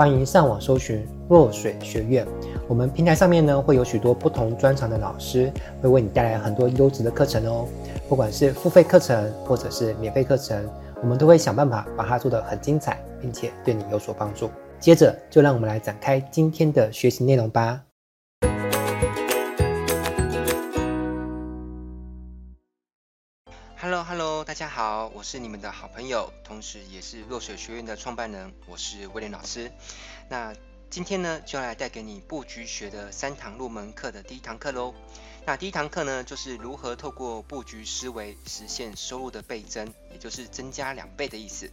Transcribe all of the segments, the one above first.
歡迎上網搜尋若水學院，我們平台上面呢會有許多不同專長的老師，會為你帶來很多優質的課程哦。不管是付費課程或者是免費課程，我們都會想辦法把它做得很精彩，並且對你有所幫助。接着就讓我們來展開今天的學習內容吧。大家好，我是你們的好朋友，同時也是弱水學院的創辦人，我是威廉老師。那今天呢，就要來帶給你布局學的三堂入門課的第一堂課嘍。那第一堂課呢，就是如何透過布局思維實現收入的倍增，也就是增加兩倍的意思。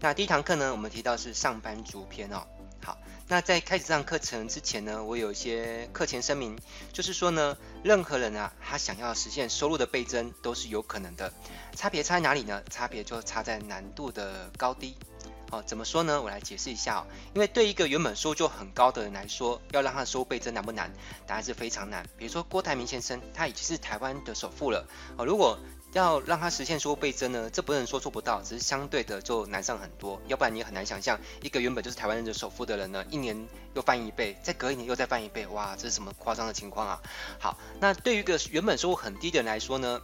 那第一堂課呢，我們提到的是上班族篇哦。好，那在開始這堂課程之前呢，我有一些課前聲明，就是說呢，任何人啊，他想要實現收入的倍增，都是有可能的。差別差在哪裡呢？差別就差在難度的高低。哦，怎麼說呢？我來解釋一下哦，因為對一個原本收入就很高的人來說，要讓他的收入倍增難不難？答案是非常難。比如說郭台銘先生，他已經是台灣的首富了。哦，如果要讓他實現收入倍增呢，這不能說做不到，只是相對的就難上很多。要不然你很難想象，一個原本就是台灣人的首富的人呢，一年又翻一倍，再隔一年又再翻一倍，哇，這是什麼誇張的情況啊？好，那對於一個原本收入很低的人來說呢，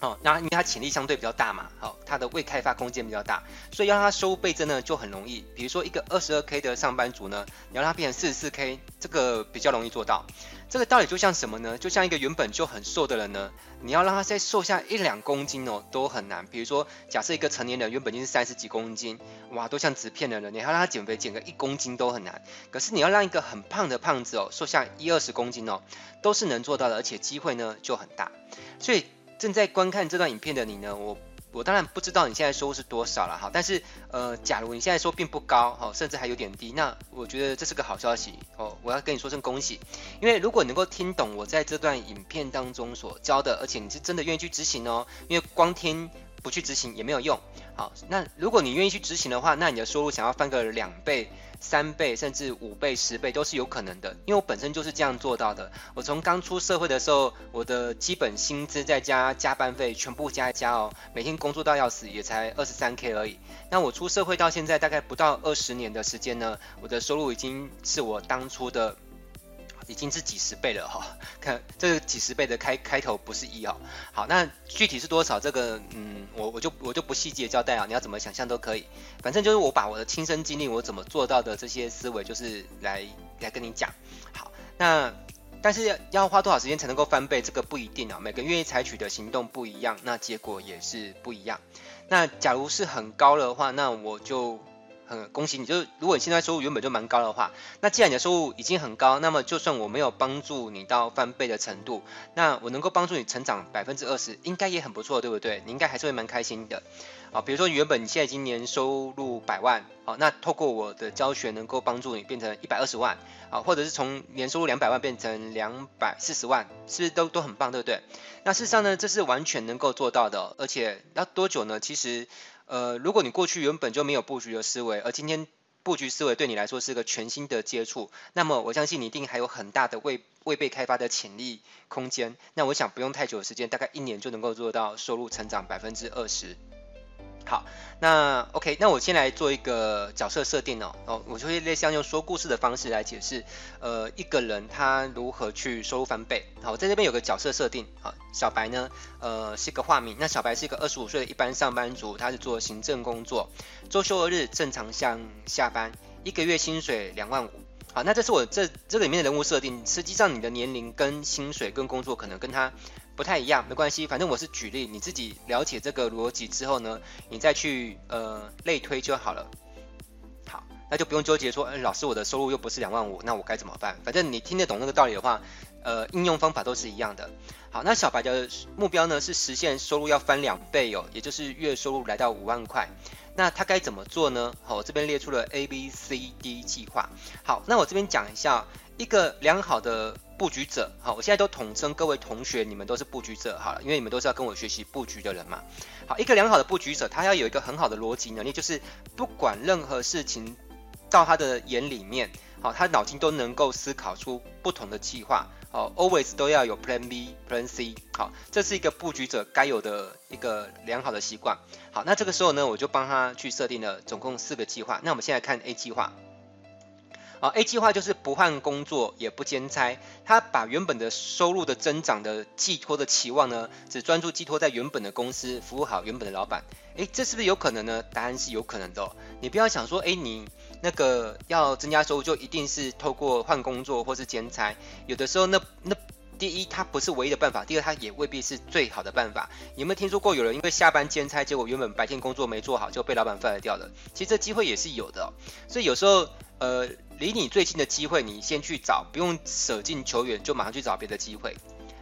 哦，那因為他潛力相對比較大嘛，好、哦，他的未開發空間比較大，所以要讓他收入倍增呢，就很容易。比如說一個二十二 K 的上班族呢，你要讓他變成四十四 K，這個比較容易做到。這個道理就像什麼呢？就像一個原本就很瘦的人呢，你要讓他再瘦下一兩公斤哦，都很難。比如說，假設一個成年人原本就是三十幾公斤，哇，都像紙片的人，你要讓他減肥減個一公斤都很難。可是你要讓一個很胖的胖子哦，瘦下一二十公斤哦，都是能做到的，而且機會呢就很大。所以正在觀看這段影片的你呢，我。我當然不知道你現在收入是多少了哈，但是呃，假如你現在收並不高哈、哦，甚至還有點低，那我覺得這是個好消息哦。我要跟你說聲恭喜，因為如果你能夠聽懂我在這段影片當中所教的，而且你是真的願意去執行哦，因為光聽不去執行也沒有用。好，那如果你願意去執行的話，那你的收入想要翻個兩倍、三倍，甚至五倍、十倍都是有可能的。因為我本身就是這樣做到的。我從剛出社會的時候，我的基本薪資再加加班費，全部加一加哦，每天工作到要死，也才二十三 K 而已。那我出社會到現在大概不到二十年的時間呢，我的收入已經是我當初的。已經是幾十倍了哈、哦，看這個、幾十倍的開開頭不是一哦，好，那具體是多少？這個嗯，我我就我就不細節交代啊，你要怎麼想象都可以，反正就是我把我的親身經歷，我怎麼做到的這些思維，就是來來跟你講。好，那但是要花多少時間才能夠翻倍？這個不一定啊，每個人願意採取的行動不一樣，那結果也是不一樣。那假如是很高的話，那我就。很恭喜你！就是如果你現在收入原本就蠻高的話，那既然你的收入已經很高，那麼就算我沒有幫助你到翻倍的程度，那我能夠幫助你成長百分之二十，應該也很不錯，對不對？你應該還是會蠻開心的。啊、哦。比如說原本你現在已經年收入百萬，好、哦，那透過我的教學能夠幫助你變成一百二十萬，啊、哦，或者是從年收入兩百萬變成兩百四十萬，是不是都都很棒，對不對？那事實上呢，這是完全能夠做到的，而且要多久呢？其實。呃，如果你過去原本就沒有布局的思維，而今天布局思維對你來說是個全新的接觸，那麼我相信你一定還有很大的未未被開發的潛力空間。那我想不用太久的時間，大概一年就能夠做到收入成長百分之二十。好，那 OK，那我先來做一個角色設定哦，哦，我就會類似像用說故事的方式來解釋，呃，一個人他如何去收入翻倍。好，哦，在這邊有個角色設定，好，哦，小白呢，呃，是個化名，那小白是一個二十五歲的一般上班族，他是做行政工作，週休二日正常上下班，一個月薪水兩萬五。好，那這是我這這個、裡面的人物設定，實際上你的年齡跟薪水跟工作可能跟他。不太一樣，沒關係，反正我是舉例，你自己了解這個邏輯之後呢，你再去呃類推就好了。好，那就不用糾結說，哎、欸，老師我的收入又不是兩萬五，那我該怎麼辦？反正你聽得懂那個道理的話，呃，應用方法都是一樣的。好，那小白的目標呢是實現收入要翻兩倍哦，也就是月收入來到五萬塊，那他該怎麼做呢？好，我這邊列出了 A、B、C、D 計劃。好，那我這邊講一下一個良好的。佈局者，好，我現在都統稱各位同學，你們都是佈局者，好了，因為你們都是要跟我學習佈局的人嘛。好，一個良好的佈局者，他要有一個很好的邏輯能力，就是不管任何事情，到他的眼裡面，好，他腦筋都能夠思考出不同的計劃，好，always 都要有 Plan B、Plan C，好，這是一個佈局者該有的一個良好的習慣。好，那這個時候呢，我就幫他去設定了總共四個計劃。那我們現在看 A 計劃。啊，A 計劃就是不換工作也不兼差，他把原本的收入的增長的寄託的期望呢，只專注寄託在原本的公司服務好原本的老板。誒，這是不是有可能呢？答案是有可能的哦。你不要想說，誒，你那個要增加收入就一定是透過換工作或是兼差。有的時候那，那那第一它不是唯一的辦法，第二它也未必是最好的辦法。你有沒有聽說過有人因為下班兼差，結果原本白天工作沒做好就被老板 fire 掉了？其實這機會也是有的哦。所以有時候，呃。離你最近的機會，你先去找，不用捨近求遠，就馬上去找別的機會。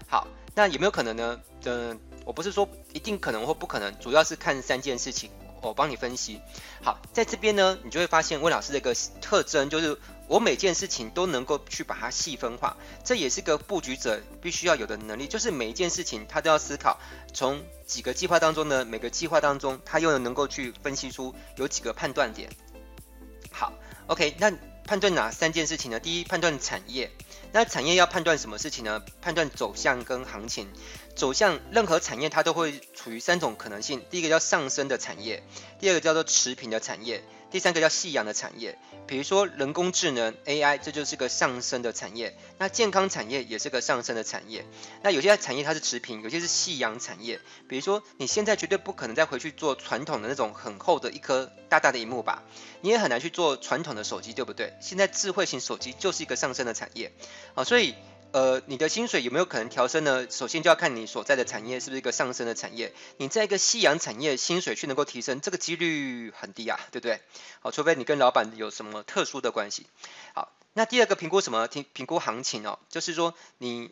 好，那有沒有可能呢？嗯、呃，我不是說一定可能或不可能，主要是看三件事情，我幫你分析。好，在這邊呢，你就會發現魏老師的一個特徵，就是我每件事情都能夠去把它細分化，這也是個布局者必須要有的能力，就是每一件事情他都要思考，從幾個計劃當中呢，每個計劃當中他又能夠去分析出有幾個判斷點。好，OK，那。判斷哪三件事情呢？第一，判斷產業。那產業要判斷什麼事情呢？判斷走向跟行情。走向，任何產業，它都會處於三種可能性：第一個叫上升的產業，第二個叫做持平的產業。第三個叫夕陽的產業，比如說人工智能 AI，這就是個上升的產業。那健康產業也是個上升的產業。那有些產業它是持平，有些是夕陽產業。比如說，你現在絕對不可能再回去做傳統的那種很厚的一顆大大的熒幕吧？你也很難去做傳統的手機，對不對？現在智慧型手機就是一個上升的產業。啊、哦。所以。呃，你的薪水有沒有可能調升呢？首先就要看你所在的產業是不是一個上升的產業。你在一個夕陽產業，薪水去能夠提升，這個幾率很低啊，對不對？好、哦，除非你跟老板有什麼特殊的關係。好，那第二個評估什麼？評評估行情哦，就是說你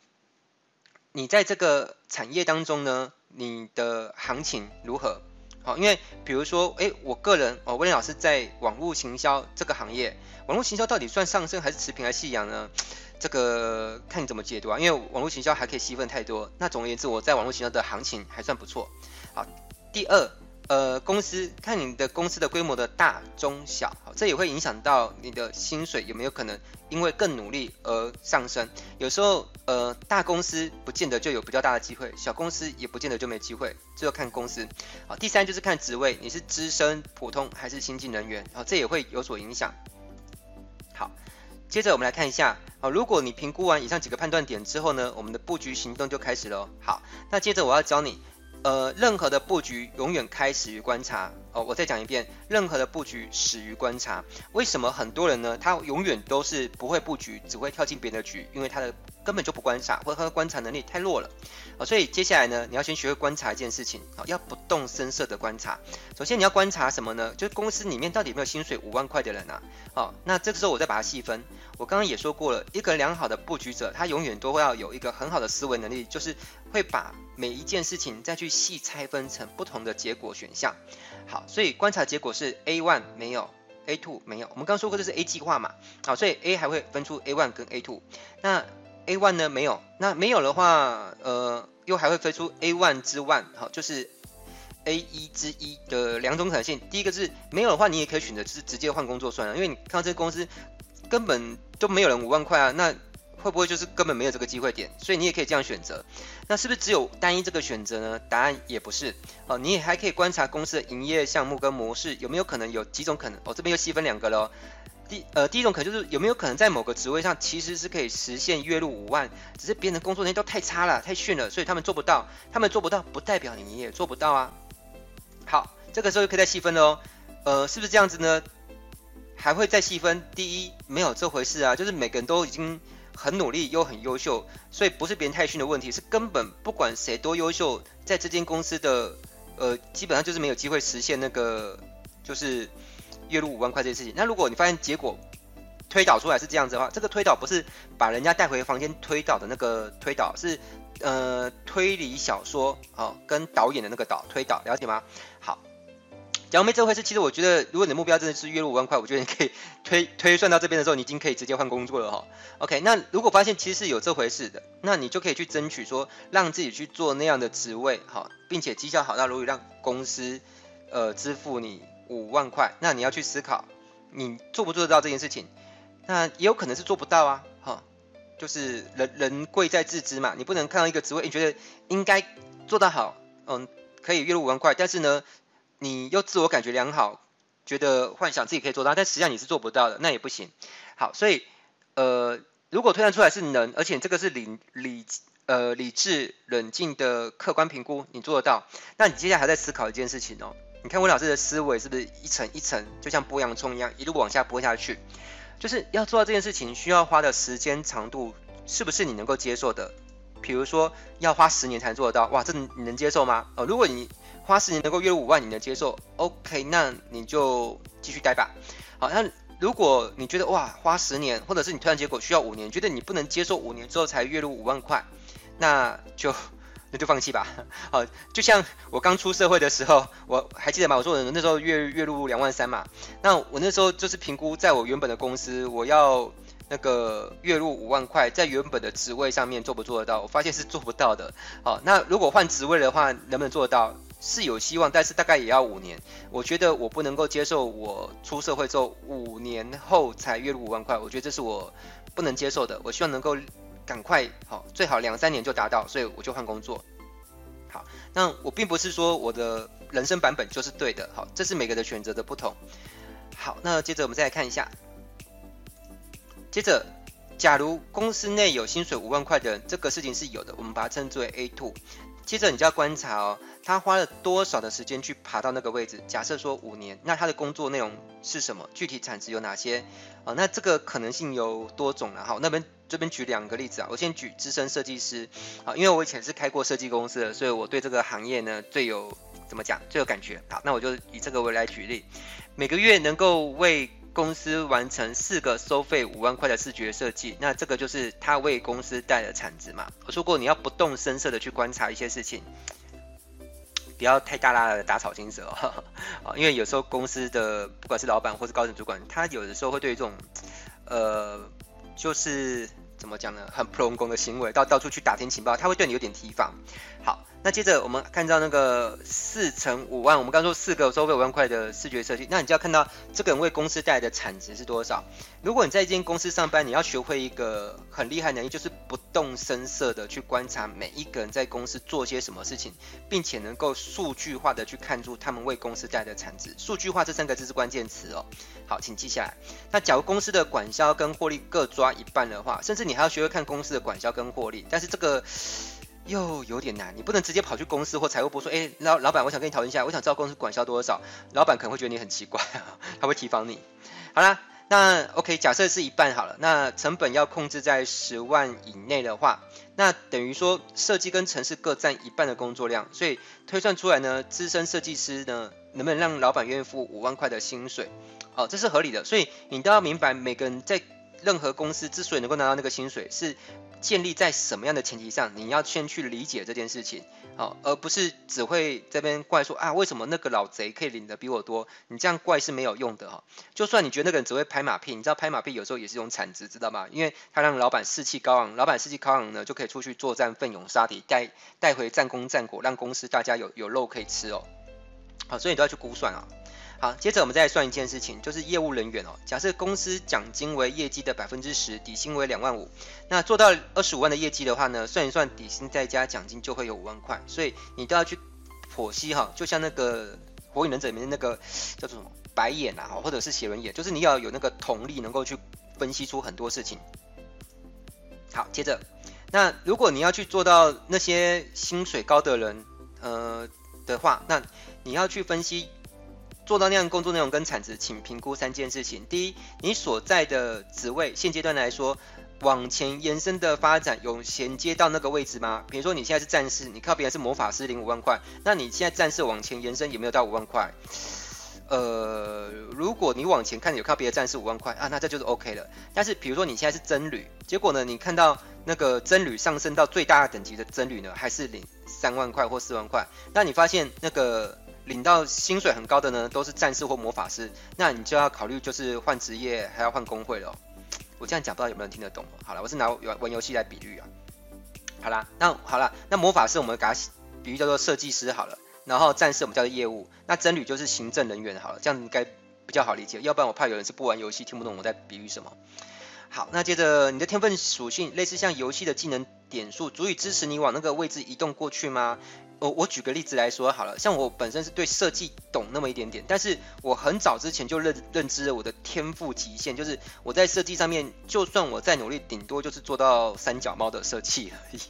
你在這個產業當中呢，你的行情如何？好、哦，因為比如說，哎，我個人哦，威廉老師在網絡行銷這個行業，網絡行銷到底算上升還是持平還是夕陽呢？這個看你怎麼解讀啊，因為網絡行銷還可以細分太多。那總而言之，我在網絡行銷的行情還算不錯。好，第二，呃，公司看你的公司的規模的大中小，好，這也會影響到你的薪水有沒有可能因為更努力而上升。有時候，呃，大公司不見得就有比較大的機會，小公司也不見得就沒機會，就要看公司。好，第三就是看職位，你是資深、普通還是新進人員，好、哦，這也會有所影響。好。接着我們來看一下，好、哦，如果你評估完以上幾個判斷點之後呢，我們的布局行動就開始咯。好，那接着我要教你，呃，任何的布局永遠開始於觀察。哦，我再講一遍，任何的布局始於觀察。為什麼很多人呢，他永遠都是不會布局，只會跳進別人的局，因為他的，根本就不觀察，或者他的觀察能力太弱了，啊、哦，所以接下來呢，你要先學會觀察一件事情，啊、哦，要不動聲色地觀察。首先你要觀察什麼呢？就是公司裡面到底有沒有薪水五萬塊的人啊？好、哦，那這個時候我再把它細分。我剛剛也說過了，一個良好的布局者，他永遠都會要有一個很好的思維能力，就是會把每一件事情再去細拆分成不同的結果選項。好，所以觀察結果是 A one 沒有，A two 沒有。我們剛剛說過這是 A 計劃嘛，好、哦，所以 A 還會分出 A one 跟 A two，那。1 A 1呢沒有，那沒有的話，呃，又還會飛出 A 1之1，好，就是 A 一之一的兩種可能性。第一個是沒有的話，你也可以選擇是直接換工作算了，因為你看到這個公司根本都沒有人五萬塊啊，那會不會就是根本沒有這個機會點？所以你也可以這樣選擇。那是不是只有單一這個選擇呢？答案也不是，哦，你也還可以觀察公司的營業項目跟模式有沒有可能有幾種可能。哦，這邊又細分兩個嘍、哦。呃，第一種可能就是有沒有可能在某個職位上其實是可以實現月入五萬，只是別人的工作能力都太差了、太遜了，所以他們做不到。他們做不到不代表你也做不到啊。好，這個時候就可以再細分了哦。呃，是不是這樣子呢？還會再細分。第一，沒有這回事啊，就是每個人都已經很努力又很優秀，所以不是別人太遜的問題，是根本不管誰多優秀，在這間公司的呃，基本上就是沒有機會實現那個就是。月入五萬塊這件事情，那如果你發現結果推導出來是這樣子的話，這個推導不是把人家帶回房間推導的那個推導，是呃推理小說哦跟導演的那個導推導，了解嗎？好，假如沒這回事，其實我覺得如果你的目標真的是月入五萬塊，我覺得你可以推推算到這邊的時候，你已經可以直接換工作了哈、哦。OK，那如果發現其實是有這回事的，那你就可以去爭取說讓自己去做那樣的職位哈、哦，並且績效好到如果讓公司呃支付你。五萬塊，那你要去思考，你做不做得到這件事情？那也有可能是做不到啊，哈，就是人人貴在自知嘛，你不能看到一個職位，你覺得應該做得好，嗯，可以月入五萬塊，但是呢，你又自我感覺良好，覺得幻想自己可以做到，但實際上你是做不到的，那也不行。好，所以呃，如果推斷出來是能，而且這個是理理呃理智冷靜的客觀評估，你做得到，那你接下來還在思考一件事情哦。你看我老師的思維是不是一層一層，就像剝洋蔥一樣，一路往下剝下去？就是要做到這件事情，需要花的時間長度，是不是你能夠接受的？比如說要花十年才做得到，哇，這你能接受嗎？哦，如果你花十年能夠月入五萬，你能接受？OK，那你就繼續待吧。好，那如果你覺得哇，花十年，或者是你推算結果需要五年，覺得你不能接受五年之後才月入五萬塊，那就。那就放棄吧。好，就像我剛出社會的時候，我還記得嗎？我做文員，那時候月月入兩萬三嘛。那我那時候就是評估，在我原本的公司，我要那個月入五萬塊，在原本的職位上面做不做得到？我發現是做不到的。好，那如果換職位的話，能不能做得到？是有希望，但是大概也要五年。我覺得我不能夠接受，我出社會之後五年後才月入五萬塊，我覺得這是我不能接受的。我希望能夠。趕快好，最好兩三年就達到，所以我就換工作。好，那我並不是說我的人生版本就是對的，好，這是每個人選擇的不同。好，那接着我們再來看一下。接着，假如公司內有薪水五萬塊的人，這個事情是有的，我們把它稱之為 A two。接着，你就要觀察哦，他花了多少的時間去爬到那個位置？假設說五年，那他的工作內容是什麼？具體產值有哪些？啊，那這個可能性有多種了哈。那邊這邊舉兩個例子啊，我先舉資深設計師啊，因為我以前是開過設計公司的，所以我對這個行業呢，最有怎麼講，最有感覺。好，那我就以這個為來舉例，每個月能夠為公司完成四個收費五萬塊的視覺設計，那這個就是他為公司帶的產值嘛。我說過，你要不動聲色的去觀察一些事情。不要太大大的打草驚蛇，哦，因為有時候公司的不管是老闆或是高層主管，他有的時候會對這種，呃，就是。怎麼講呢？很不公的行為，到到處去打聽情報，他會對你有點提防。好，那接着我們看到那個四乘五萬，我們剛說四個收費五萬塊的視覺設計，那你就要看到這個人為公司帶來的產值是多少？如果你在一間公司上班，你要學會一個很厲害能力，就是不動聲色的去觀察每一個人在公司做些什麼事情，並且能夠數據化的去看出他們為公司帶來的產值。數據化這三個字是關鍵詞哦。好，請記下來。那假如公司的管銷跟獲利各抓一半的話，甚至你還要學會看公司的管銷跟獲利。但是這個又有點難，你不能直接跑去公司或財務部說：“哎、欸，老老闆，我想跟你討論一下，我想知道公司管銷多少。”老闆可能會覺得你很奇怪啊，他會提防你。好啦，那 OK，假設是一半好了。那成本要控制在十萬以內的話，那等於說設計跟程式各占一半的工作量，所以推算出來呢，資深設計師呢，能不能讓老闆願意付五萬塊的薪水？哦，這是合理的，所以你都要明白每個人在任何公司之所以能夠拿到那個薪水，是建立在什麼樣的前提上。你要先去理解這件事情，好、哦，而不是只會在這邊怪說啊，為什麼那個老賊可以領得比我多？你這樣怪是沒有用的哈、哦。就算你覺得那個人只會拍馬屁，你知道拍馬屁有時候也是一種產值，知道嗎？因為他讓老板士氣高昂，老板士氣高昂呢，就可以出去作戰，奮勇殺敵，帶帶回戰功戰果，讓公司大家有有肉可以吃哦。好、哦，所以你都要去估算啊、哦。好，接着我們再來算一件事情，就是業務人員哦。假設公司獎金為業績的百分之十，底薪為兩萬五，那做到二十五萬的業績的話呢，算一算底薪再加獎金就會有五萬塊。所以你都要去剖析哈、哦，就像那個火影忍者裡面的那個叫做什麼白眼啊，或者是寫輪眼，就是你要有那個瞳力，能夠去分析出很多事情。好，接着，那如果你要去做到那些薪水高的人，呃的話，那你要去分析。做到那樣工作內容跟產值，請評估三件事情。第一，你所在的職位現階段來說，往前延伸的發展有銜接到那個位置嗎？比如說你現在是戰士，你靠別人是魔法師領五萬塊，那你現在戰士往前延伸有沒有到五萬塊？呃，如果你往前看有靠別的戰士五萬塊啊，那這就是 OK 了。但是比如說你現在是僧侶，結果呢，你看到那個僧侶上升到最大等級的僧侶呢，還是領三萬塊或四萬塊？那你發現那個？領到薪水很高的呢，都是戰士或魔法師，那你就要考慮就是換職業，還要換工會了哦。我這樣講不知道有沒有人聽得懂？好了，我是拿玩遊戲來比喻啊。好啦，那好啦，那魔法師我們給他比喻叫做設計師好了，然後戰士我們叫做業務，那僧侶就是行政人員好了，這樣應該比較好理解，要不然我怕有人是不玩遊戲聽不懂我在比喻什麼。好，那接着你的天分屬性類似像遊戲的技能點數，足以支持你往那個位置移動過去嗎？我、哦、我舉個例子來說好了，像我本身是對設計懂那麼一點點，但是我很早之前就認認知了我的天賦極限，就是我在設計上面，就算我再努力，頂多就是做到三腳貓的設計而已，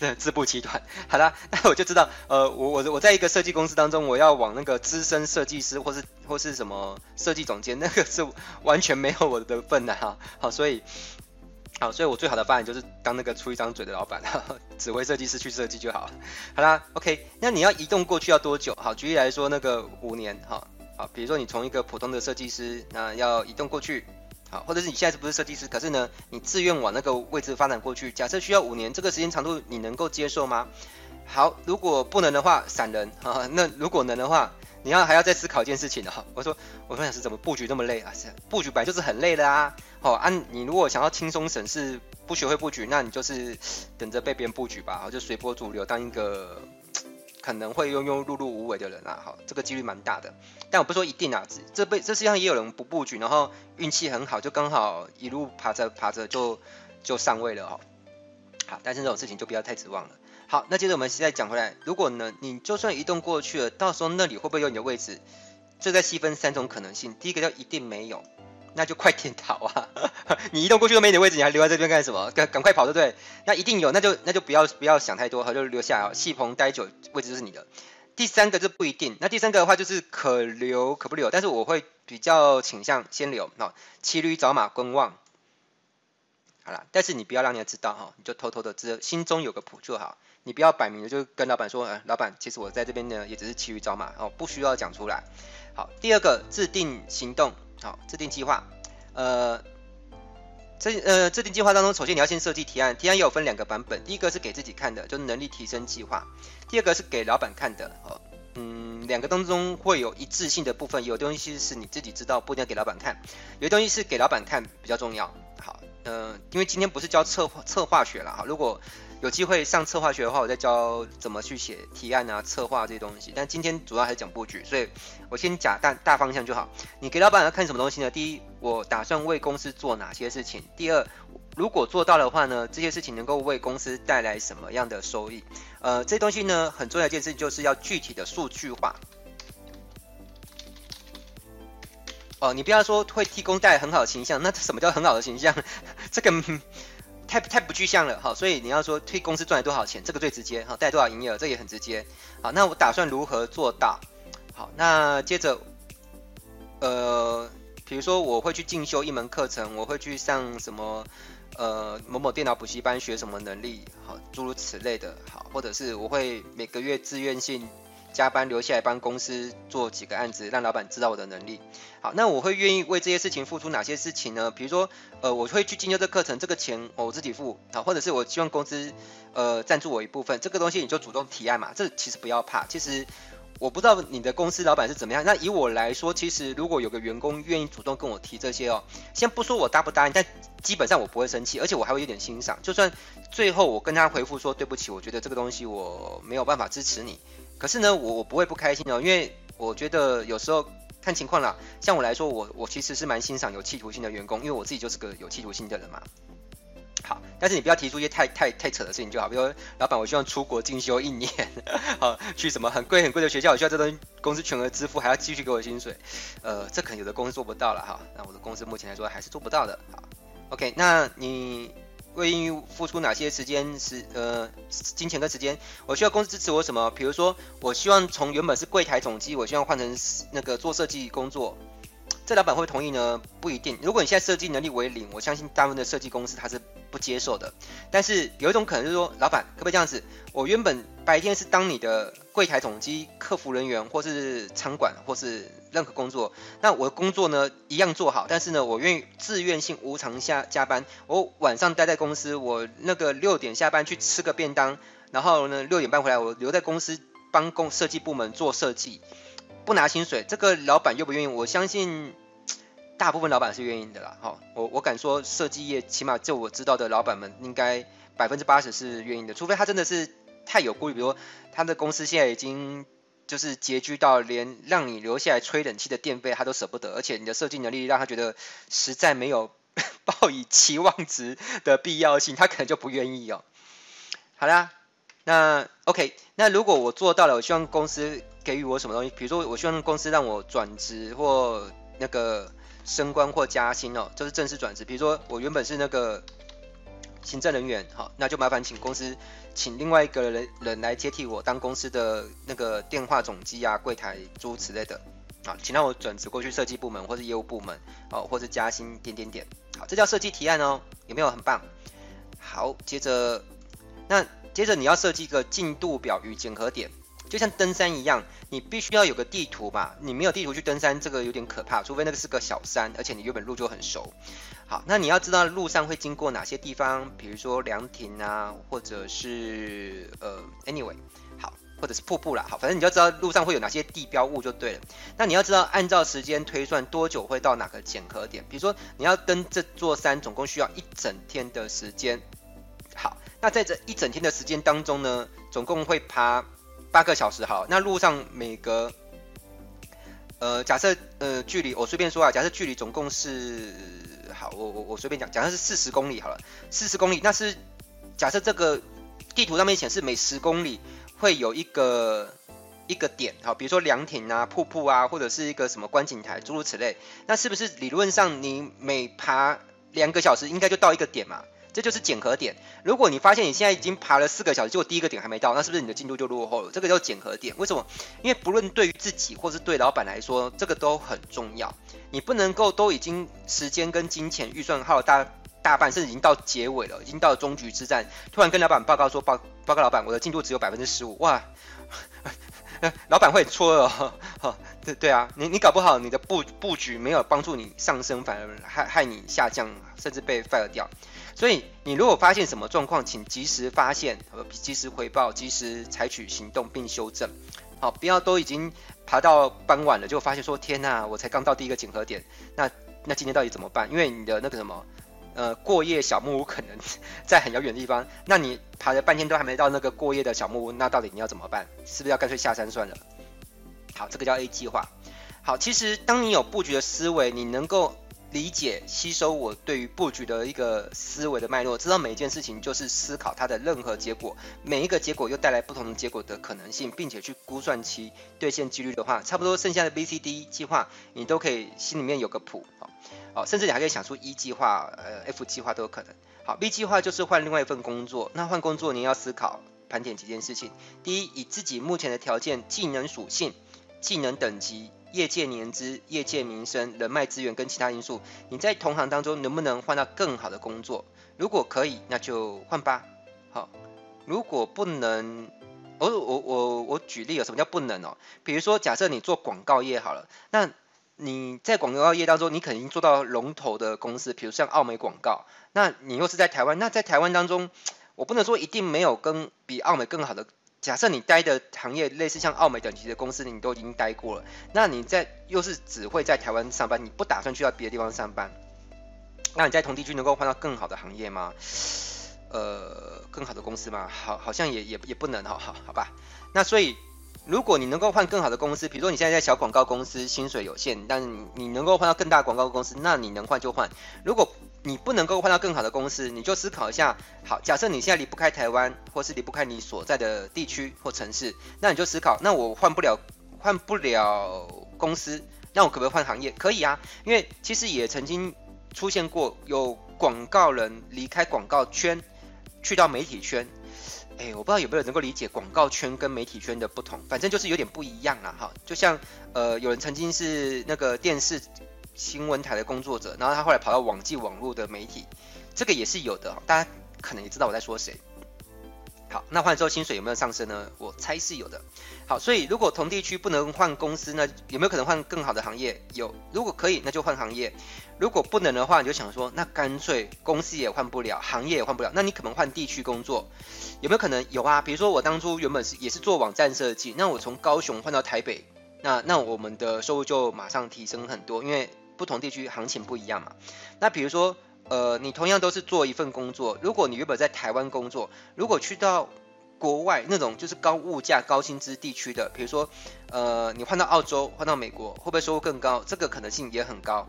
真 自曝其短。好啦，那我就知道，呃，我我我在一個設計公司當中，我要往那個資深設計師或是或是什麼設計總監，那個是完全沒有我的份的哈。好，所以。好，所以我最好的發展就是當那個出一張嘴的老闆，指揮設計師去設計就好好啦，OK，那你要移動過去要多久？好，舉例來說，那個五年哈，好，比如說你從一個普通的設計師，那要移動過去，好，或者是你現在是不是設計師，可是呢，你自願往那個位置發展過去，假設需要五年，這個時間長度你能夠接受嗎？好，如果不能的話，閃人哈，那如果能的話。你要還要再思考一件事情的、哦、哈，我說，我說是怎麼布局那麼累啊？是布、啊、局本來就是很累的啊。好、哦，按、啊、你如果想要輕鬆省事，不學會布局，那你就是等着被別人布局吧。好、哦，就隨波逐流，當一個可能會庸庸碌碌無為的人啊。好、哦，這個幾率蠻大的，但我不說一定啊。這被這世界上也有人不布局，然後運氣很好，就剛好一路爬着爬着就就上位了、哦。好、哦，但是這種事情就不要太指望了。好，那接着我們現在講回來，如果呢，你就算移動過去了，到時候那裡會不會有你的位置？這再細分三種可能性。第一個叫一定沒有，那就快點逃啊！ 你移動過去都沒你的位置，你還留在這邊幹什麼？趕趕快跑，對不對？那一定有，那就那就不要不要想太多，就留下啊、哦，戲棚待久，位置就是你的。第三個就不一定。那第三個的話就是可留可不留，但是我會比較傾向先留。那騎驢找馬觀望，好了，但是你不要讓人家知道哈，你就偷偷的知道，心中有個譜就好。你不要擺明了，就跟老闆說，哎、呃，老闆，其實我在這邊呢，也只是騎驢找馬哦，不需要講出來。好，第二個，制定行動，好、哦，制定計劃，呃，這呃制定計劃當中，首先你要先設計提案，提案也有分兩個版本，第一個是給自己看的，就是能力提升計劃，第二個是給老闆看的，哦，嗯，兩個當中會有一致性的部分，有東西是你自己知道，不一定要給老闆看，有東西是給老闆看比較重要。好，嗯、呃，因為今天不是教策劃策劃學了哈，如果有機會上策劃學的話，我再教怎麼去寫提案啊、策劃這些東西。但今天主要還是講布局，所以我先講大大方向就好。你給老闆要看什麼東西呢？第一，我打算為公司做哪些事情？第二，如果做到的話呢，這些事情能夠為公司帶來什麼樣的收益？呃，這些東西呢，很重要一件事就是要具體的數據化。哦、呃，你不要說會提供帶來很好的形象，那什麼叫很好的形象？這個。太太不具象了哈，所以你要說推公司賺了多少錢，這個最直接哈，帶多少營業額，這個、也很直接。好，那我打算如何做大？好，那接着，呃，比如說我會去進修一門課程，我會去上什麼，呃，某某電腦補習班學什麼能力，好，諸如此類的，好，或者是我會每個月自願性。加班留下來幫公司做幾個案子，讓老闆知道我的能力。好，那我會願意為這些事情付出哪些事情呢？比如說，呃，我會去進修這課程，這個錢我自己付啊，或者是我希望公司呃贊助我一部分。這個東西你就主動提案嘛，這其實不要怕。其實我不知道你的公司老闆是怎麼樣。那以我來說，其實如果有個員工願意主動跟我提這些哦，先不說我答不答應，但基本上我不會生氣，而且我還會有點欣賞。就算最後我跟他回復說對不起，我覺得這個東西我沒有辦法支持你。可是呢，我我不會不開心哦，因為我覺得有時候看情況啦。像我來說，我我其實是蠻欣賞有企圖心的員工，因為我自己就是個有企圖心的人嘛。好，但是你不要提出一些太太太扯的事情就好，比如說老闆，我希望出國進修一年，好去什麼很貴很貴的學校，我需要這東西公司全額支付，還要繼續給我薪水。呃，這可能有的公司做不到了哈。那我的公司目前來說還是做不到的。好，OK，那你。為應於付出哪些時間、時呃金錢跟時間？我需要公司支持我什麼？比如說，我希望從原本是櫃檯總機，我希望換成那個做設計工作，這老闆會同意呢？不一定。如果你現在設計能力為零，我相信大部分的設計公司他是不接受的。但是有一種可能就是說，老闆可不可以這樣子？我原本白天是當你的櫃檯總機、客服人員，或是倉管，或是。任何工作，那我的工作呢，一樣做好，但是呢，我願意自願性無償下加班。我晚上待在公司，我那個六點下班去吃個便當，然後呢，六點半回來，我留在公司幫公設計部門做設計，不拿薪水。這個老板又不願意。我相信大部分老板是願意的啦，哈。我我敢說，設計業起碼就我知道的老板們應，應該百分之八十是願意的，除非他真的是太有顧慮，比如說他的公司現在已經。就是拮据到連讓你留下來吹冷氣的電費，他都捨不得。而且你的設計能力讓他覺得實在沒有抱以期望值的必要性，他可能就不願意哦。好啦，那 OK，那如果我做到了，我希望公司給予我什麼東西？比如說，我希望公司讓我轉職或那個升官或加薪哦，就是正式轉職。比如說，我原本是那個行政人員，好，那就麻煩請公司。請另外一個人人來接替我當公司的那個電話總機啊、櫃檯諸如此類的，啊，請讓我轉職過去設計部門或是業務部門，哦，或是加薪點點點，好，這叫設計提案哦，有沒有很棒？好，接着，那接着你要設計一個進度表與檢核點，就像登山一樣，你必須要有個地圖吧？你沒有地圖去登山，這個有點可怕，除非那個是個小山，而且你原本路就很熟。好，那你要知道路上會經過哪些地方，比如說涼亭啊，或者是呃，anyway，好，或者是瀑布啦，好，反正你就知道路上會有哪些地標物就對了。那你要知道，按照時間推算，多久會到哪個檢核點？比如說，你要登這座山，總共需要一整天的時間。好，那在這一整天的時間當中呢，總共會爬八個小時。好，那路上每個呃，假設呃，距離我隨便說啊，假設距離總共是。好，我我我隨便講，假設是四十公里好了，四十公里，那是假設這個地圖上面顯示每十公里會有一個一個點，好，比如說涼亭啊、瀑布啊，或者是一個什麼觀景台，諸如此類。那是不是理論上你每爬兩個小時應該就到一個點嘛？這就是檢核點。如果你發現你現在已經爬了四個小時，結果第一個點還沒到，那是不是你的進度就落後了？這個叫檢核點。為什麼？因為不論對於自己或是對老板來說，這個都很重要。你不能夠都已經時間跟金錢預算耗了大大半，甚至已經到結尾了，已經到了終局之戰，突然跟老板報告說報報告老板，我的進度只有百分之十五，哇，老板會戳哦，對對啊，你你搞不好你的布布局沒有幫助你上升，反而害害你下降，甚至被 fire 掉，所以你如果發現什麼狀況，請及時發現和及時回報，及時採取行動並修正。好，不要都已經爬到傍晚了，就發現說天吶，我才剛到第一個景和點，那那今天到底怎麼辦？因為你的那個什麼，呃，過夜小木屋可能在很遙遠的地方，那你爬了半天都還沒到那個過夜的小木屋，那到底你要怎麼辦？是不是要乾脆下山算了？好，這個叫 A 計劃。好，其實當你有布局的思維，你能夠，理解、吸收我對於布局的一個思維的脈絡，知道每一件事情就是思考它的任何結果，每一個結果又帶來不同的結果的可能性，並且去估算其兌現幾率的話，差不多剩下的 B、C、D 計劃你都可以心裡面有個譜，哦哦，甚至你還可以想出 E 計劃，呃 F 計劃都有可能。好，B 計劃就是換另外一份工作，那換工作你要思考盤點幾件事情：第一，以自己目前的條件、技能屬性、技能等級。業界年資、業界名聲、人脈資源跟其他因素，你在同行當中能不能換到更好的工作？如果可以，那就換吧。好，如果不能，哦、我我我我舉例有什麼叫不能哦？比如說，假設你做廣告業好了，那你在廣告業當中，你肯定做到龍頭的公司，比如像奧美廣告。那你又是在台灣，那在台灣當中，我不能說一定沒有跟比奧美更好的。假設你待的行業類似像奧美等級的公司，你都已經待過了，那你在又是只會在台灣上班，你不打算去到別的地方上班，那你在同地區能夠換到更好的行業嗎？呃，更好的公司嗎？好，好像也也也不能，哈哈，好吧。那所以，如果你能夠換更好的公司，比如說你現在在小廣告公司，薪水有限，但你能夠換到更大廣告公司，那你能換就換。如果你不能夠換到更好的公司，你就思考一下。好，假設你現在離不開台灣，或是離不開你所在的地區或城市，那你就思考：那我換不了，換不了公司，那我可不可以換行業？可以啊，因為其實也曾經出現過有廣告人離開廣告圈，去到媒體圈。誒、欸，我不知道有沒有能夠理解廣告圈跟媒體圈的不同，反正就是有點不一樣了哈。就像呃，有人曾經是那個電視新聞台的工作者，然後他後來跑到網際網絡的媒體，這個也是有的，大家可能也知道我在說誰。好，那換之後薪水有沒有上升呢？我猜是有的。好，所以如果同地區不能換公司呢，那有沒有可能換更好的行業？有。如果可以，那就換行業；如果不能的話，你就想說，那乾脆公司也換不了，行業也換不了，那你可能換地區工作，有沒有可能？有啊。比如說我當初原本是也是做網站設計，那我從高雄換到台北，那那我們的收入就馬上提升很多，因為。不同地區行情不一樣嘛，那比如說，呃，你同樣都是做一份工作，如果你原本在台灣工作，如果去到國外那種就是高物價、高薪資地區的，比如說，呃，你換到澳洲、換到美國，會不會收入更高？這個可能性也很高。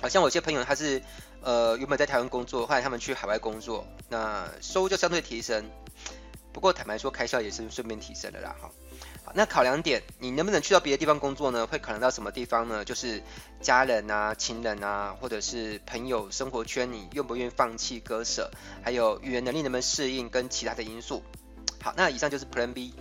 好像我一些朋友他是，呃，原本在台灣工作，後來他們去海外工作，那收入就相對提升，不過坦白說，開銷也是順便提升的啦，哈。那考量點，你能不能去到別的地方工作呢？會考量到什麼地方呢？就是家人啊、情人啊，或者是朋友生活圈，你願不願意放棄割捨？還有語言能力能不能適應？跟其他的因素。好，那以上就是 Plan B。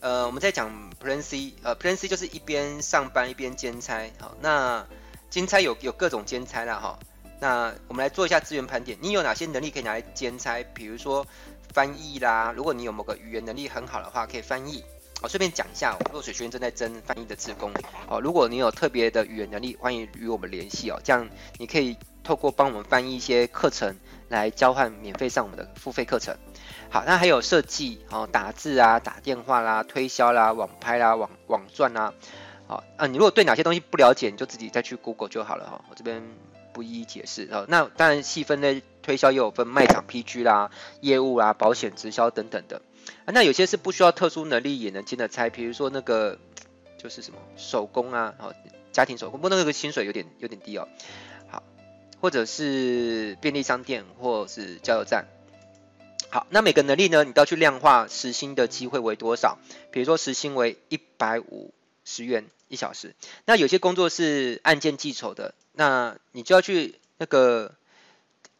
呃，我們再講 Plan C。呃，Plan C 就是一邊上班一邊兼差。好，那兼差有有各種兼差啦，哈。那我們來做一下資源盤點，你有哪些能力可以拿來兼差？比如說翻譯啦，如果你有某個語言能力很好的話，可以翻譯。好，順便講一下，若水學院正在徵翻譯的志工。哦，如果你有特別的語言能力，歡迎與我們聯繫哦。這樣你可以透過幫我們翻譯一些課程，來交換免費上我們的付費課程。好，那還有設計，哦，打字啊，打電話啦，推銷啦，網拍啦，網網賺啦、啊。好、哦，啊，你如果對哪些東西不了解，你就自己再去 Google 就好了。哈、哦，我這邊不一一解釋。哦，那當然細分類推銷也有分賣場 PG 啦、業務啦、保險直銷等等的。啊，那有些是不需要特殊能力也能進的差，比如說那個就是什麼手工啊，好、哦、家庭手工，不過那個薪水有點有點低哦，好，或者是便利商店或是加油站，好，那每個能力呢，你都要去量化時薪的機會為多少，比如說時薪為一百五十元一小時，那有些工作是按件計酬的，那你就要去那個。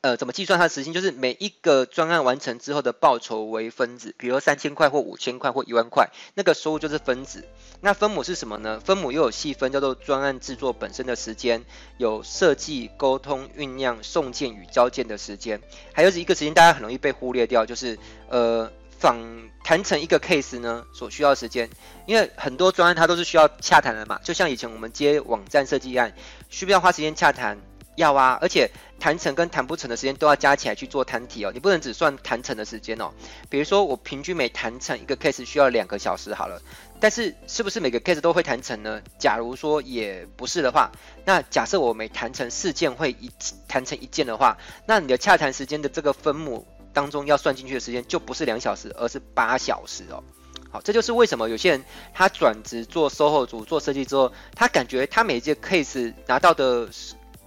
呃，怎麼計算它的時薪？就是每一個專案完成之後的報酬為分子，比如三千塊或五千塊或一萬塊，那個收入就是分子。那分母是什麼呢？分母又有細分，叫做專案製作本身的時間，有設計、溝通、醞釀、送件與交件的時間，還有一個時間大家很容易被忽略掉，就是呃，訪談成一個 case 呢所需要的時間。因為很多專案它都是需要洽談的嘛，就像以前我們接網站設計案，需不需要花時間洽談？要啊，而且談成跟談不成的時間都要加起來去做談題哦。你不能只算談成的時間哦。比如說，我平均每談成一個 case 需要兩個小時好了，但是是不是每個 case 都會談成呢？假如說也不是的話，那假設我每談成四件會一談成一件的話，那你的洽談時間的這個分母當中要算進去的時間就不是兩小時，而是八小時哦。好，這就是為什麼有些人他轉職做 SOHO 族、做設計之後，他感覺他每一件 case 拿到的。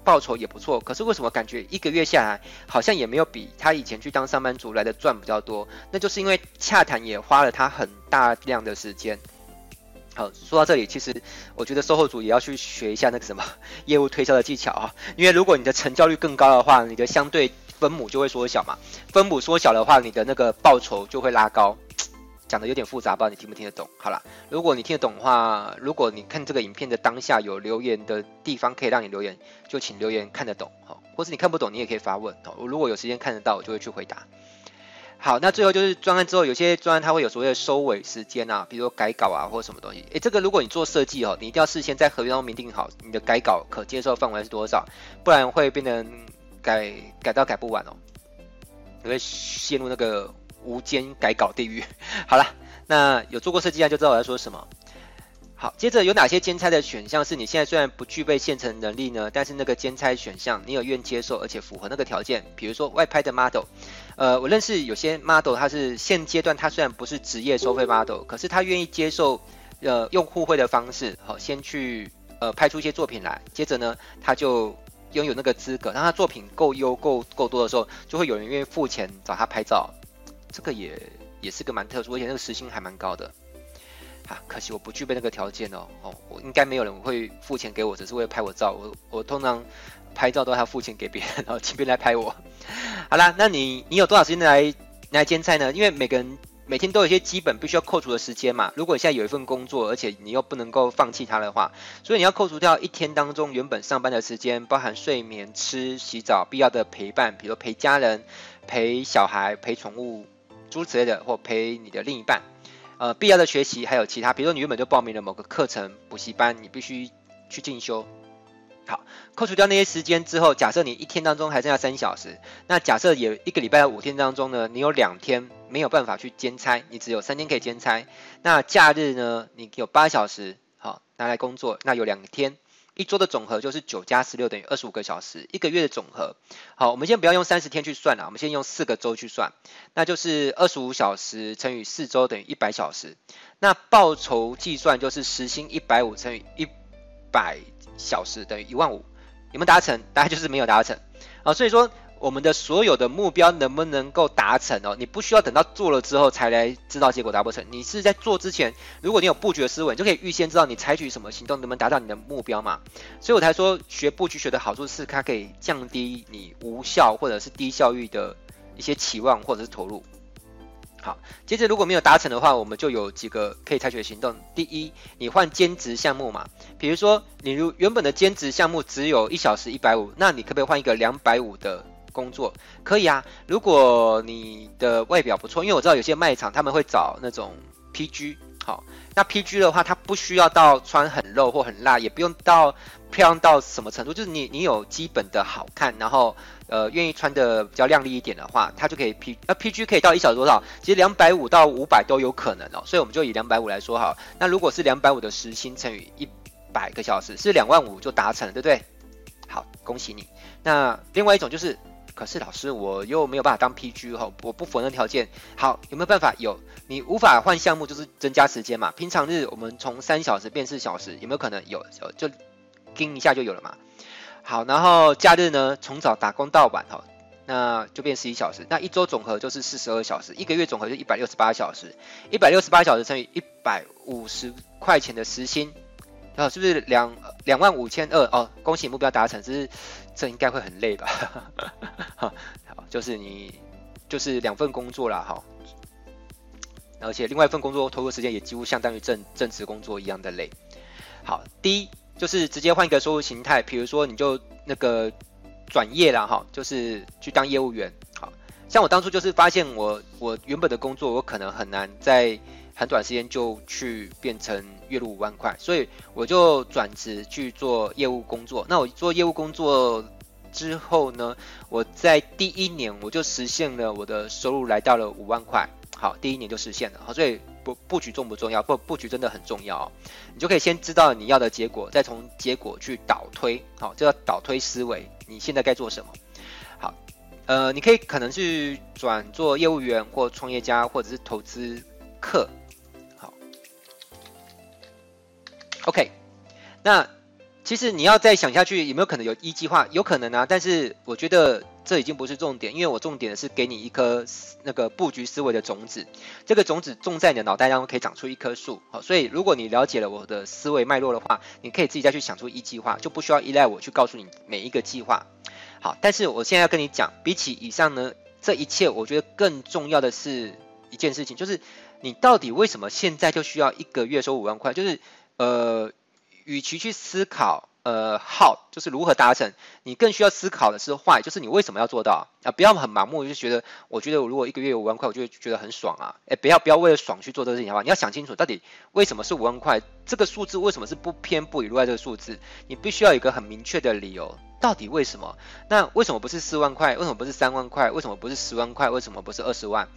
報酬也不錯，可是為什麼感覺一個月下來好像也沒有比他以前去當上班族來的賺比較多？那就是因為洽談也花了他很大量的時間。好，說到這裡，其實我覺得售後組也要去學一下那個什麼業務推銷的技巧啊，因為如果你的成交率更高的話，你的相對分母就會縮小嘛，分母縮小的話，你的那個報酬就會拉高。講的有點複雜，不知道你聽不聽得懂。好啦，如果你聽得懂的話，如果你看這個影片的當下有留言的地方，可以讓你留言，就請留言看得懂哈。或者你看不懂，你也可以發問哦。我如果有時間看得到，我就會去回答。好，那最後就是專案之後，有些專案它會有所謂的收尾時間啊，比如說改稿啊，或者什麼東西。哎、欸，這個如果你做設計哦，你一定要事先在合約上面明定好你的改稿可接受範圍是多少，不然會變成改改到改不完哦，你會陷入那個。無間改稿地獄。好了，那有做過設計啊，就知道我在說什麼。好，接着有哪些兼差的選項是你現在雖然不具備現成能力呢？但是那個兼差選項你有願意接受，而且符合那個條件。比如說外拍的 model，呃，我認識有些 model 他是現階段他雖然不是職業收費 model，可是他願意接受，呃，用互惠的方式，好，先去呃拍出一些作品來，接着呢，他就擁有那個資格，當他作品夠優夠夠多的時候，就會有人願意付錢找他拍照。這個也也是個蠻特殊，而且那個時薪還蠻高的。啊，可惜我不具備那個條件哦，哦，我應該沒有人會付錢給我，只是為了拍我照，我我通常拍照都要他付錢給別人，然後請別人來拍我。好啦，那你你有多少時間來來兼差呢？因為每個人每天都有一些基本必須要扣除的時間嘛。如果你現在有一份工作，而且你又不能夠放棄它的話，所以你要扣除掉一天當中原本上班的時間，包含睡眠、吃、洗澡、必要的陪伴，比如陪家人、陪小孩、陪寵物。書之類的，或陪你的另一半，呃，必要的學習，還有其他，比如說你原本就報名了某個課程補習班，你必須去進修。好，扣除掉那些時間之後，假設你一天當中還剩下三小時，那假設有一個禮拜五天當中呢，你有兩天沒有辦法去兼差，你只有三天可以兼差。那假日呢，你有八小時，好，拿來工作，那有兩天。一週的總和就是九加十六等於二十五個小時，一個月的總和。好，我們先不要用三十天去算了，我們先用四個週去算，那就是二十五小時乘以四週等於一百小時。那報酬計算就是時薪一百五乘以一百小時等於一萬五，有沒有達成？大概就是沒有達成。啊，所以說。我們的所有的目標能不能夠達成哦？你不需要等到做了之後才來知道結果達不成。你是在做之前，如果你有布局思維，你就可以預先知道你採取什麼行動能不能達到你的目標嘛？所以我才說學布局學的好處是它可以降低你無效或者是低效率的一些期望或者是投入。好，接着如果沒有達成的話，我們就有幾個可以採取的行動。第一，你換兼職項目嘛？比如說你如原本的兼職項目只有一小時一百五，那你可不可以換一個兩百五的？工作可以啊，如果你的外表不錯，因為我知道有些賣場他們會找那種 PG，好，那 PG 的話，它不需要到穿很露或很辣，也不用到漂亮到什麼程度，就是你你有基本的好看，然後呃願意穿的比較亮麗一點的話，它就可以 P，G，那 PG 可以到一小時多少？其實兩百五到五百都有可能哦，所以我們就以兩百五來說哈，那如果是兩百五的時薪乘以一百個小時，是兩萬五就達成了，對不對？好，恭喜你。那另外一種就是。可是老師，我又沒有辦法當 PG 哈，我不符合那條件。好，有沒有辦法？有，你無法換項目，就是增加時間嘛。平常日我們從三小時變四小時，有沒有可能？有，有就盯一下就有了嘛。好，然後假日呢，從早打工到晚哈，那就變十一小時。那一周總和就是四十二小時，一個月總和就一百六十八小時。一百六十八小時乘以一百五十塊錢的時薪，啊，是不是兩兩萬五千二？哦，恭喜目標達成，是。這應該會很累吧？ 好，就是你就是兩份工作啦，哈，而且另外一份工作投入時間也幾乎相當於正正職工作一樣的累。好，第一就是直接換一個收入形態，比如說你就那個轉業啦，哈，就是去當業務員。好，像我當初就是發現我我原本的工作，我可能很難再，很短時間就去變成月入五萬塊，所以我就轉職去做業務工作。那我做業務工作之後呢？我在第一年我就實現了我的收入來到了五萬塊。好，第一年就實現了。好，所以布布局重不重要？布布局真的很重要。你就可以先知道你要的結果，再從結果去倒推。好，這叫倒推思維。你現在該做什麼？好，呃，你可以可能去轉做業務員，或創業家，或者是投資客。OK，那其實你要再想下去，有沒有可能有 E 計劃？有可能啊，但是我覺得這已經不是重點，因為我重點的是給你一顆那個布局思維的種子，這個種子種在你的腦袋當中可以長出一棵樹。好，所以如果你了解了我的思維脈絡的話，你可以自己再去想出 E 計劃，就不需要依賴我去告訴你每一個計劃。好，但是我現在要跟你講，比起以上呢，這一切我覺得更重要的是一件事情，就是你到底為什麼現在就需要一個月收五萬塊？就是呃，與其去思考呃好，How, 就是如何達成，你更需要思考的是 Why，就是你為什麼要做到啊、呃？不要很盲目，就是覺得，我覺得我如果一個月有五萬塊，我就會覺得很爽啊！哎、欸，不要不要為了爽去做這件事情的話好不好，你要想清楚，到底為什麼是五萬塊？這個數字為什麼是不偏不倚落在這個數字？你必須要有一個很明確的理由，到底為什麼？那為什麼不是四萬塊？為什麼不是三萬塊？為什麼不是十萬塊？為什麼不是二十萬？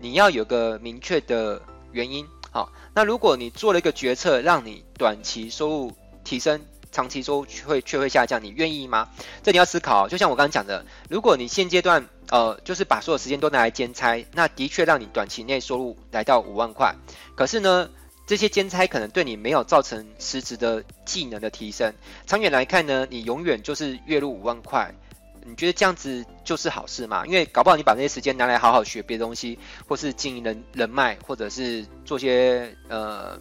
你要有個明確的原因。好，那如果你做了一個決策，讓你短期收入提升，長期收入卻，卻會下降，你願意嗎？這你要思考，就像我剛剛講的，如果你現階段呃，就是把所有時間都拿來兼差，那的確讓你短期內收入來到五萬塊，可是呢，這些兼差可能對你沒有造成實質的技能的提升，長遠來看呢，你永遠就是月入五萬塊。你覺得這樣子就是好事嗎？因為搞不好你把那些時間拿來好好學別的東西，或是經營人人脈，或者是做些呃，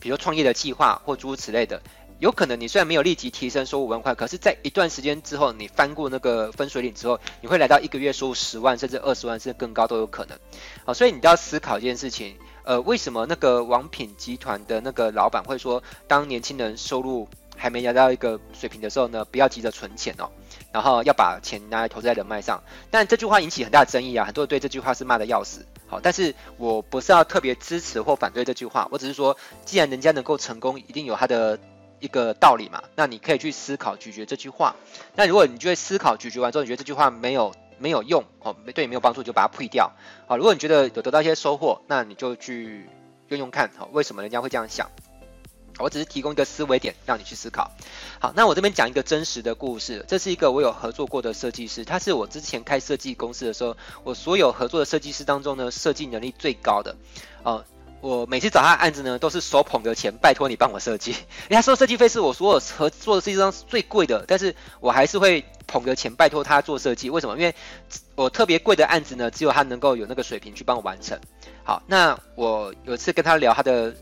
比如創業的計劃或諸如此類的，有可能你雖然沒有立即提升收五萬塊，可是，在一段時間之後，你翻過那個分水嶺之後，你會來到一個月收入十萬甚至二十萬甚至更高都有可能。好、啊，所以你都要思考一件事情，呃，為什麼那個王品集團的那個老闆會說，當年輕人收入還沒達到一個水平的時候呢，不要急着存錢哦。然後要把錢拿來投資在人脈上，但這句話引起很大爭議啊，很多人對這句話是罵得要死。好，但是我不是要特別支持或反對這句話，我只是說，既然人家能夠成功，一定有他的一個道理嘛，那你可以去思考咀嚼這句話。那如果你就會思考咀嚼完之後，你覺得這句話沒有沒有用哦，對你沒有幫助，就把它退掉。好、哦，如果你覺得有得到一些收穫，那你就去用用看，好、哦，為什麼人家會這樣想。我只是提供一個思維點，讓你去思考。好，那我這邊講一個真實的故事。這是一個我有合作過的設計師，他是我之前開設計公司的時候，我所有合作的設計師當中呢，設計能力最高的。哦、呃，我每次找他的案子呢，都是手捧着錢拜託你幫我設計。人家說設計費是我所有合作的設計師當中最貴的，但是我還是會捧着錢拜託他做設計。為什麼？因為我特別貴的案子呢，只有他能夠有那個水平去幫我完成。好，那我有一次跟他聊他的。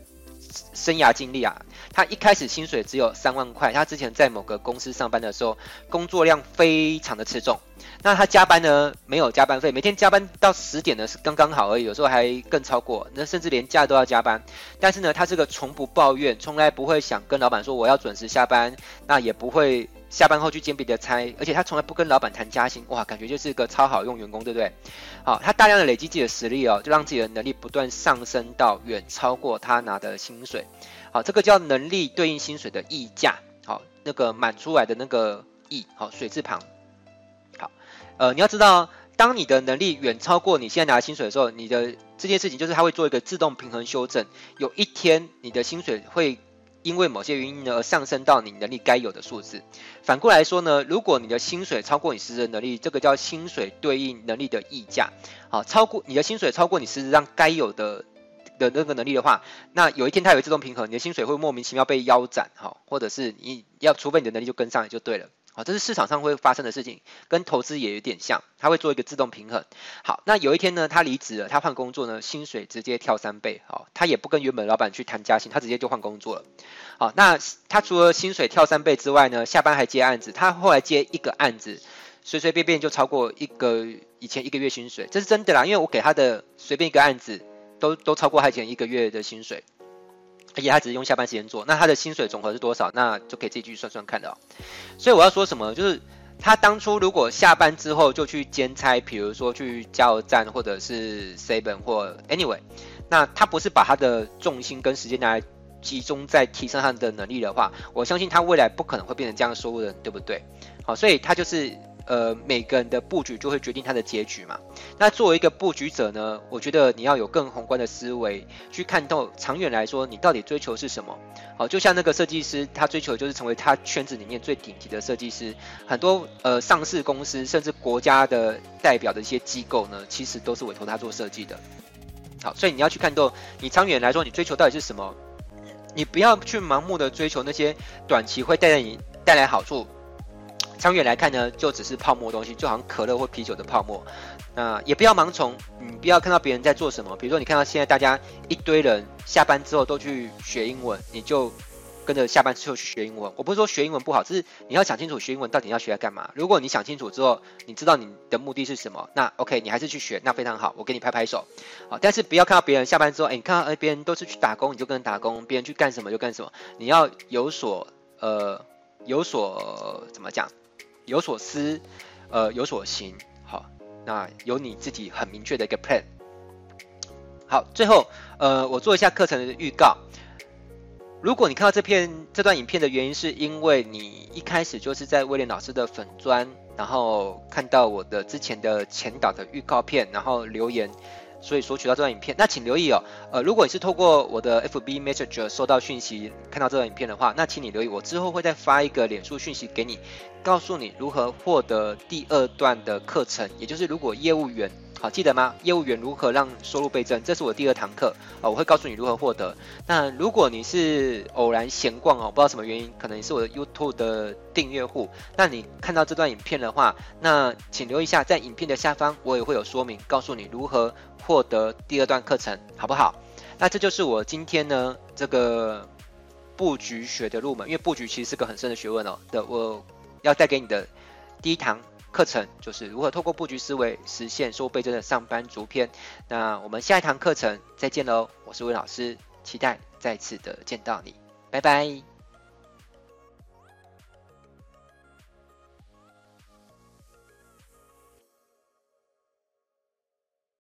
生涯經歷啊，他一開始薪水只有三萬塊。他之前在某個公司上班的時候，工作量非常的吃重。那他加班呢，沒有加班費，每天加班到十點呢是剛剛好而已，有時候還更超過。那甚至連假都要加班。但是呢，他這個從不抱怨，從來不會想跟老板說我要準時下班，那也不會。下班後去兼別的差，而且他從來不跟老闆談加薪，哇，感覺就是一個超好用員工，對不對？好，他大量的累積自己的實力哦，就讓自己的能力不斷上升到遠超過他拿的薪水。好，這個叫能力對應薪水的溢價，好，那個滿出來的那個溢，好，水字旁。好，呃，你要知道，當你的能力遠超過你現在拿的薪水的時候，你的這件事情就是他會做一個自動平衡修正，有一天你的薪水會。因為某些原因呢，而上升到你能力該有的數字。反過來說呢，如果你的薪水超過你實質的能力，這個叫薪水對應能力的溢價。好，超過你的薪水超過你實質上該有的的那個能力的話，那有一天它會自動平衡，你的薪水會莫名其妙被腰斬。哈，或者是你要除非你的能力就跟上來就對了。啊，這是市場上會發生的事情，跟投資也有點像，他會做一個自動平衡。好，那有一天呢，他離職了，他換工作呢，薪水直接跳三倍。好、哦，他也不跟原本老板去談加薪，他直接就換工作了。好，那他除了薪水跳三倍之外呢，下班還接案子。他後來接一個案子，隨隨便便就超過一個以前一個月薪水，這是真的啦，因為我給他的隨便一個案子都都超過他以前一個月的薪水。而且他只是用下班時間做，那他的薪水總和是多少？那就可以自己去算算看的。所以我要說什麼？就是他當初如果下班之後就去兼差，比如說去加油站或者是 Seven 或 Anyway，那他不是把他的重心跟時間拿來集中在提升他的能力的話，我相信他未來不可能會變成這樣收入的人，對不對？好，所以他就是。呃，每個人的佈局就會決定他的結局嘛。那作為一個佈局者呢，我覺得你要有更宏觀的思維去看透長遠來說，你到底追求是什麼？好，就像那個設計師，他追求就是成為他圈子裡面最頂級的設計師。很多呃上市公司甚至國家的代表的一些機構呢，其實都是委托他做設計的。好，所以你要去看透你長遠來說，你追求到底是什麼？你不要去盲目的追求那些短期會帶來你帶來好處。長遠來看呢，就只是泡沫的東西，就好像可樂或啤酒的泡沫。那也不要盲從，你不要看到別人在做什麼。比如說，你看到現在大家一堆人下班之後都去學英文，你就跟着下班之後去學英文。我不是說學英文不好，只是你要想清楚學英文到底要學來幹嘛。如果你想清楚之後，你知道你的目的是什麼，那 OK，你還是去學，那非常好，我給你拍拍手啊。但是不要看到別人下班之後，哎、欸，你看到別人都是去打工，你就跟著打工；別人去幹什麼就幹什麼。你要有所呃，有所、呃、怎麼講？有所思，呃，有所行。好，那有你自己很明確的一個 plan。好，最後，呃，我做一下課程的預告。如果你看到這篇這段影片的原因，是因為你一開始就是在威廉老師的粉專，然後看到我的之前的前導的預告片，然後留言。所以索取到這段影片，那請留意哦。呃，如果你是透過我的 FB Messenger 收到訊息，看到這段影片的話，那請你留意，我之後會再發一個臉書訊息給你，告訴你如何獲得第二段的課程，也就是如果業務員。好，記得嗎？業務員如何讓收入倍增？這是我第二堂課，哦，我會告訴你如何獲得。那如果你是偶然閒逛哦，不知道什麼原因，可能也是我的 YouTube 的訂閱戶，那你看到這段影片的話，那請留意一下在影片的下方，我也會有說明，告訴你如何獲得第二段課程，好不好？那這就是我今天呢這個佈局學的入門，因為佈局其實是個很深的學問哦。對，我要帶給你的第一堂。課程就是如何透過布局思維實現收入倍增的上班族篇。那我們下一堂課程再見嘍！我是魏老師，期待再次的見到你，拜拜。